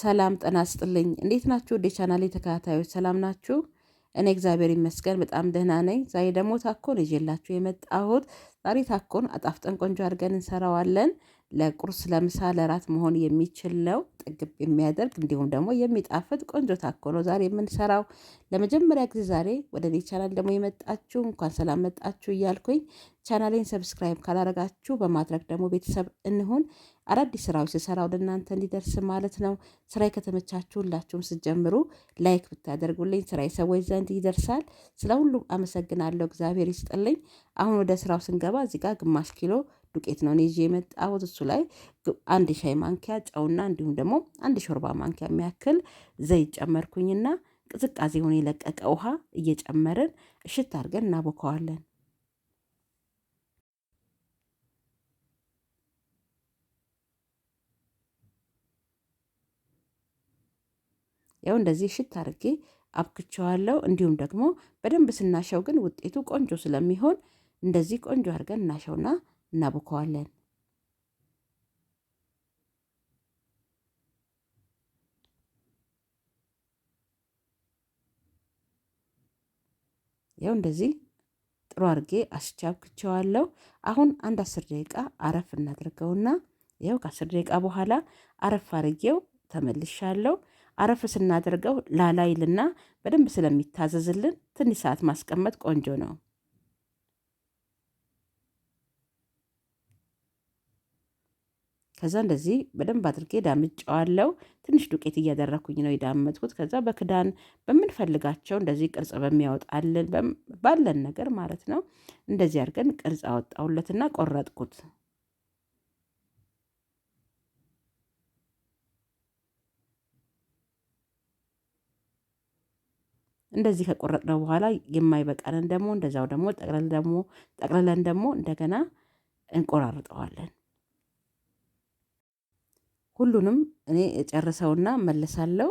ሰላም ጠና ስጥልኝ እንዴት ናችሁ? ወደ ቻናሌ ተከታታዮች ሰላም ናችሁ? እኔ እግዚአብሔር ይመስገን በጣም ደህና ነኝ። ዛሬ ደግሞ ታኮን ይዤላችሁ የመጣሁት ዛሬ ታኮን አጣፍጠን ቆንጆ አድርገን እንሰራዋለን። ለቁርስ ለምሳ ለራት መሆን የሚችል ነው። ጥግብ የሚያደርግ እንዲሁም ደግሞ የሚጣፍጥ ቆንጆ ታኮ ነው ዛሬ የምንሰራው። ለመጀመሪያ ጊዜ ዛሬ ወደ እኔ ቻናል ደግሞ የመጣችሁ እንኳን ሰላም መጣችሁ እያልኩኝ ቻናሌን ሰብስክራይብ ካላረጋችሁ በማድረግ ደግሞ ቤተሰብ እንሁን። አዳዲስ ስራዎች ስሰራ ወደ እናንተ እንዲደርስ ማለት ነው። ስራዬ ከተመቻችሁ ሁላችሁም ስጀምሩ ላይክ ብታደርጉልኝ ስራዬ ሰዎች ዘንድ ይደርሳል። ስለ ሁሉም አመሰግናለሁ። እግዚአብሔር ይስጥልኝ። አሁን ወደ ስራው ስንገባ እዚህ ጋር ግማሽ ኪሎ ዱቄት ነው እኔ ይዤ የመጣሁት። እሱ ላይ አንድ ሻይ ማንኪያ ጨውና እንዲሁም ደግሞ አንድ ሾርባ ማንኪያ የሚያክል ዘይት ጨመርኩኝና ቅዝቃዜውን የለቀቀ ውሃ እየጨመርን እሽት አድርገን እናቦከዋለን። ያው እንደዚህ እሽት አድርጌ አብክቸዋለሁ። እንዲሁም ደግሞ በደንብ ስናሸው ግን ውጤቱ ቆንጆ ስለሚሆን እንደዚህ ቆንጆ አድርገን እናሸውና እናቡከዋለን ያው እንደዚህ ጥሩ አድርጌ አስቻብክቸዋለሁ። አሁን አንድ አስር ደቂቃ አረፍ እናድርገውና ያው ከአስር ደቂቃ በኋላ አረፍ አድርጌው ተመልሻለሁ። አረፍ ስናደርገው ላላይልና በደንብ ስለሚታዘዝልን ትንሽ ሰዓት ማስቀመጥ ቆንጆ ነው። ከዛ እንደዚህ በደንብ አድርጌ ዳምጫዋለው። ትንሽ ዱቄት እያደረኩኝ ነው የዳመጥኩት። ከዛ በክዳን በምንፈልጋቸው እንደዚህ ቅርጽ በሚያወጣልን ባለን ነገር ማለት ነው እንደዚህ አድርገን ቅርጽ አወጣውለትና ቆረጥኩት። እንደዚህ ከቆረጥነው በኋላ የማይበቃንን ደግሞ እንደዛው ደግሞ ጠቅለን ደግሞ ጠቅልለን ደግሞ እንደገና እንቆራርጠዋለን። ሁሉንም እኔ እጨርሰውና እመልሳለሁ።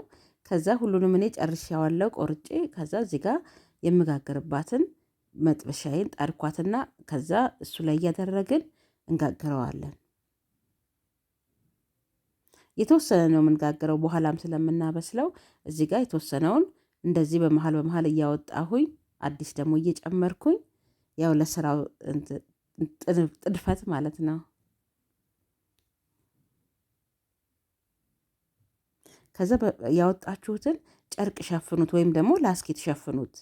ከዛ ሁሉንም እኔ ጨርሻዋለው ቆርጬ ከዛ እዚህ ጋር የምጋግርባትን መጥበሻዬን ጣድኳትና ከዛ እሱ ላይ እያደረግን እንጋግረዋለን። የተወሰነ ነው የምንጋግረው በኋላም ስለምናበስለው እዚህ ጋር የተወሰነውን እንደዚህ በመሃል በመሃል እያወጣሁኝ አዲስ ደግሞ እየጨመርኩኝ ያው ለስራው ጥድፈት ማለት ነው ከዛ ያወጣችሁትን ጨርቅ ሸፍኑት፣ ወይም ደግሞ ላስኬት ሸፍኑት።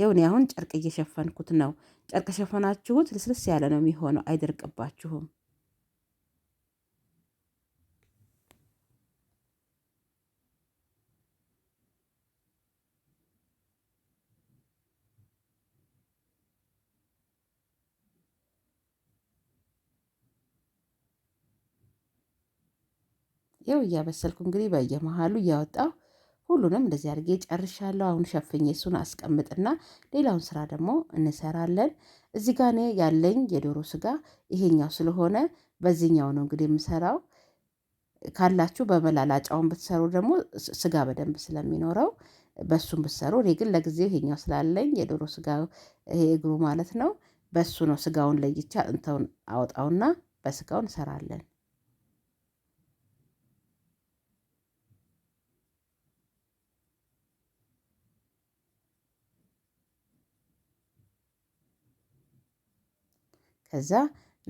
ይሁን አሁን ጨርቅ እየሸፈንኩት ነው። ጨርቅ ሸፈናችሁት ልስልስ ያለ ነው የሚሆነው፣ አይደርቅባችሁም። ይው እያበሰልኩ እንግዲህ በየመሃሉ እያወጣው ሁሉንም እንደዚህ አድርጌ ጨርሻለሁ። አሁን ሸፍኜ እሱን አስቀምጥና ሌላውን ስራ ደግሞ እንሰራለን። እዚህ ጋር እኔ ያለኝ የዶሮ ስጋ ይሄኛው ስለሆነ በዚህኛው ነው እንግዲህ የምሰራው። ካላችሁ በመላላጫውን ብትሰሩ ደግሞ ስጋ በደንብ ስለሚኖረው በሱን ብትሰሩ፣ እኔ ግን ለጊዜው ይሄኛው ስላለኝ የዶሮ ስጋ ይሄ እግሩ ማለት ነው። በሱ ነው ስጋውን ለይቻ እንተውን አወጣውና በስጋውን እንሰራለን። ከዛ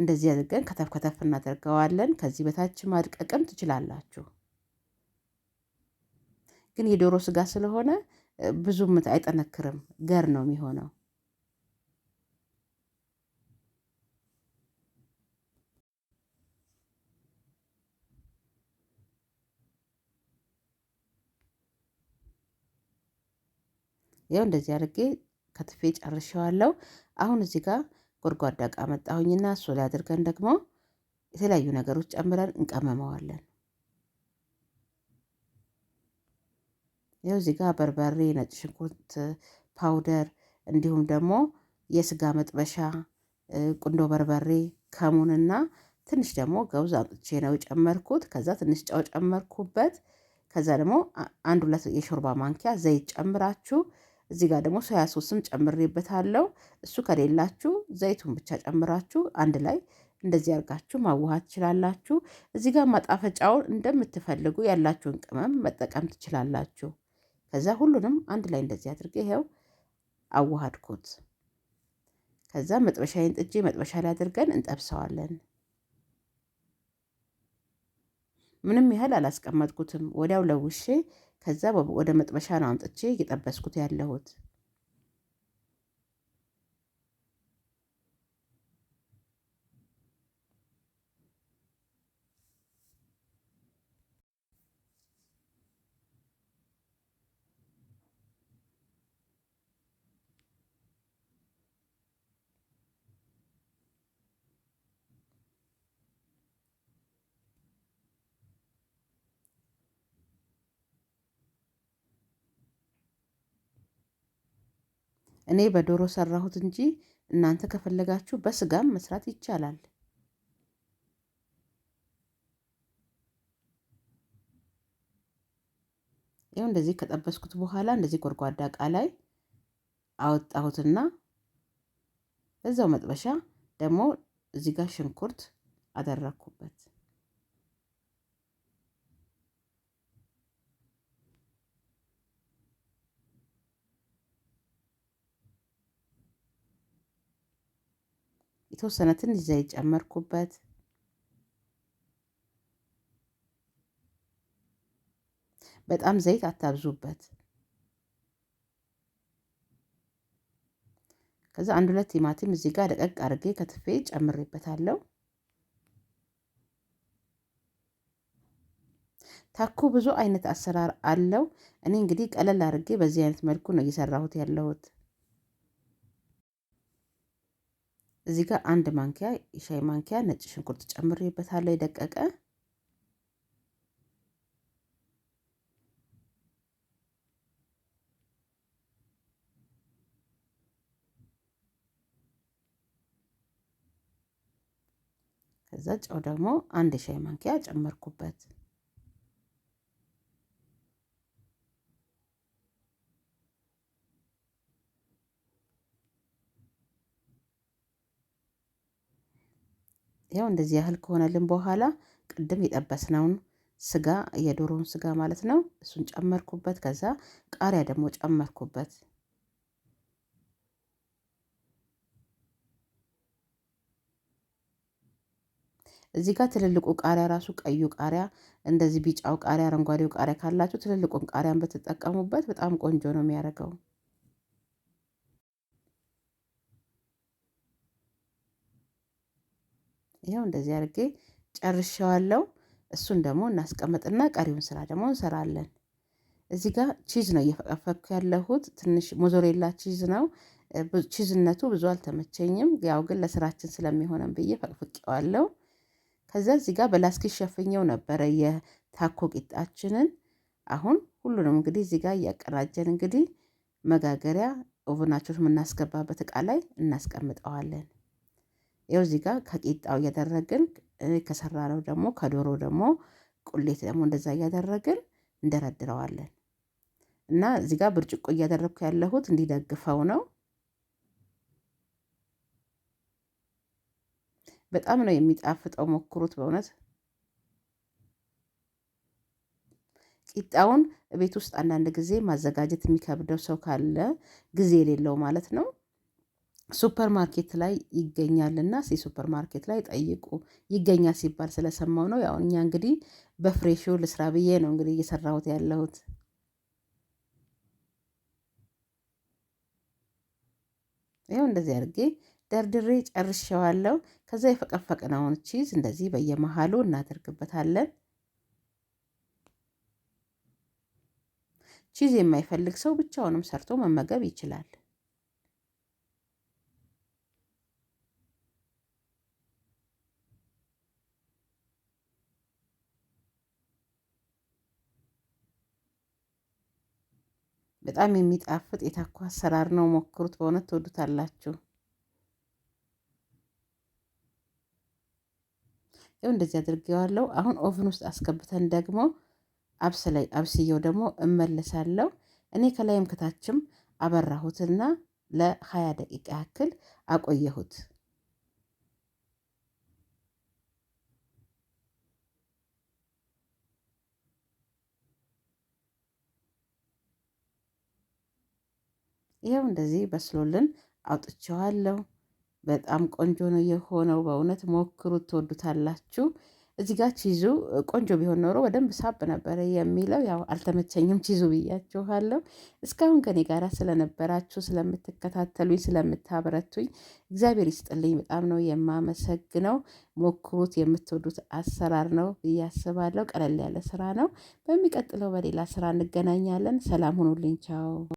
እንደዚህ አድርገን ከተፍ ከተፍ እናደርገዋለን። ከዚህ በታች ማድቀቅም ትችላላችሁ። ግን የዶሮ ስጋ ስለሆነ ብዙም አይጠነክርም፣ ገር ነው የሚሆነው። ያው እንደዚህ አድርጌ ከትፌ ጨርሼዋለሁ። አሁን እዚህ ጋር ጎድጓዳ እቃ መጣሁኝና እሱ ላይ አድርገን ደግሞ የተለያዩ ነገሮች ጨምረን እንቀመመዋለን። ይኸው እዚህ ጋር በርበሬ፣ ነጭ ሽንኩርት ፓውደር እንዲሁም ደግሞ የስጋ መጥበሻ ቁንዶ በርበሬ ከሙንና ትንሽ ደግሞ ገውዝ አምጥቼ ነው የጨመርኩት። ከዛ ትንሽ ጨው ጨመርኩበት። ከዛ ደግሞ አንድ ሁለት የሾርባ ማንኪያ ዘይት ጨምራችሁ እዚህ ጋር ደግሞ ሶያ ሶስም ጨምሬበታለሁ። እሱ ከሌላችሁ ዘይቱን ብቻ ጨምራችሁ አንድ ላይ እንደዚህ አድርጋችሁ ማዋሃት ትችላላችሁ። እዚህ ጋር ማጣፈጫውን እንደምትፈልጉ ያላችሁን ቅመም መጠቀም ትችላላችሁ። ከዛ ሁሉንም አንድ ላይ እንደዚህ አድርጌ ይኸው አዋሃድኩት። ከዛ መጥበሻዬን ጥጄ መጥበሻ ላይ አድርገን እንጠብሰዋለን። ምንም ያህል አላስቀመጥኩትም፣ ወዲያው ለውሼ ከዛ ወደ መጥበሻ ነው አምጥቼ እየጠበስኩት ያለሁት እኔ በዶሮ ሰራሁት እንጂ እናንተ ከፈለጋችሁ በስጋም መስራት ይቻላል። ይኸው እንደዚህ ከጠበስኩት በኋላ እንደዚህ ጎድጓዳ እቃ ላይ አወጣሁትና በዛው መጥበሻ ደግሞ እዚህ ጋር ሽንኩርት አደረኩበት። የተወሰነ ትንሽ ዘይት ጨመርኩበት። በጣም ዘይት አታብዙበት። ከዛ አንድ ሁለት ቲማቲም እዚህ ጋር ደቀቅ አድርጌ ከትፌ ጨምሬበታለሁ። ታኩ ብዙ አይነት አሰራር አለው። እኔ እንግዲህ ቀለል አድርጌ በዚህ አይነት መልኩ ነው እየሰራሁት ያለሁት። እዚህ ጋር አንድ ማንኪያ የሻይ ማንኪያ ነጭ ሽንኩርት ጨምሬበታለሁ የደቀቀ ከዛ ጨው ደግሞ አንድ የሻይ ማንኪያ ጨመርኩበት ያው እንደዚህ ያህል ከሆነልን በኋላ ቅድም የጠበስነውን ስጋ የዶሮውን ስጋ ማለት ነው። እሱን ጨመርኩበት። ከዛ ቃሪያ ደግሞ ጨመርኩበት። እዚህ ጋር ትልልቁ ቃሪያ ራሱ ቀዩ ቃሪያ እንደዚህ ቢጫው ቃሪያ፣ አረንጓዴው ቃሪያ ካላችሁ ትልልቁን ቃሪያን ብትጠቀሙበት በጣም ቆንጆ ነው የሚያደርገው። ይኸው እንደዚህ አድርጌ ጨርሼዋለሁ። እሱን ደግሞ እናስቀምጥና ቀሪውን ስራ ደግሞ እንሰራለን። እዚህ ጋር ቺዝ ነው እየፈቀፈኩ ያለሁት። ትንሽ ሞዞሬላ ቺዝ ነው። ቺዝነቱ ብዙ አልተመቸኝም። ያው ግን ለስራችን ስለሚሆነን ብዬ ፈቅፍቄዋለሁ። ከዛ እዚህ ጋር በላስኪ ሸፍኘው ነበረ የታኮ ቂጣችንን። አሁን ሁሉንም እንግዲህ እዚህ ጋር እያቀራጀን እንግዲህ መጋገሪያ ኦቨናቸውን የምናስገባበት እቃ ላይ እናስቀምጠዋለን። ይኸው እዚህ ጋር ከቂጣው እያደረግን ከሰራነው ደግሞ ከዶሮ ደግሞ ቁሌት ደግሞ እንደዛ እያደረግን እንደረድረዋለን እና እዚህ ጋር ብርጭቆ እያደረግኩ ያለሁት እንዲደግፈው ነው። በጣም ነው የሚጣፍጠው፣ ሞክሩት በእውነት ቂጣውን ቤት ውስጥ አንዳንድ ጊዜ ማዘጋጀት የሚከብደው ሰው ካለ ጊዜ የሌለው ማለት ነው ሱፐር ማርኬት ላይ ይገኛልና ሲ ሱፐር ማርኬት ላይ ጠይቁ ይገኛል ሲባል ስለሰማው ነው። ያው እኛ እንግዲህ በፍሬሹ ልስራ ብዬ ነው እንግዲህ እየሰራሁት ያለሁት። ይኸው እንደዚህ አድርጌ ደርድሬ ጨርሼዋለሁ። ከዛ የፈቀፈቅነውን ቺዝ እንደዚህ በየመሃሉ እናደርግበታለን። ቺዝ የማይፈልግ ሰው ብቻውንም ሰርቶ መመገብ ይችላል። በጣም የሚጣፍጥ የታኮ አሰራር ነው። ሞክሩት፣ በእውነት ትወዱታላችሁ። ይኸው እንደዚህ አድርጌዋለሁ። አሁን ኦቭን ውስጥ አስገብተን ደግሞ ላይ አብስየው ደግሞ እመለሳለሁ። እኔ ከላይም ከታችም አበራሁትና ለ20 ደቂቃ ያክል አቆየሁት። ይኸው እንደዚህ በስሎልን አውጥቼዋለሁ። በጣም ቆንጆ ነው የሆነው። በእውነት ሞክሩት፣ ትወዱታላችሁ። እዚህ ጋር ቺዙ ቆንጆ ቢሆን ኖሮ በደንብ ሳብ ነበረ የሚለው ያው አልተመቸኝም፣ ቺዙ ብያችኋለሁ። እስካሁን ከኔ ጋር ስለነበራችሁ፣ ስለምትከታተሉኝ፣ ስለምታበረቱኝ እግዚአብሔር ይስጥልኝ። በጣም ነው የማመሰግነው። ሞክሩት፣ የምትወዱት አሰራር ነው ብዬ አስባለሁ። ቀለል ያለ ስራ ነው። በሚቀጥለው በሌላ ስራ እንገናኛለን። ሰላም ሁኑልኝ። ቻው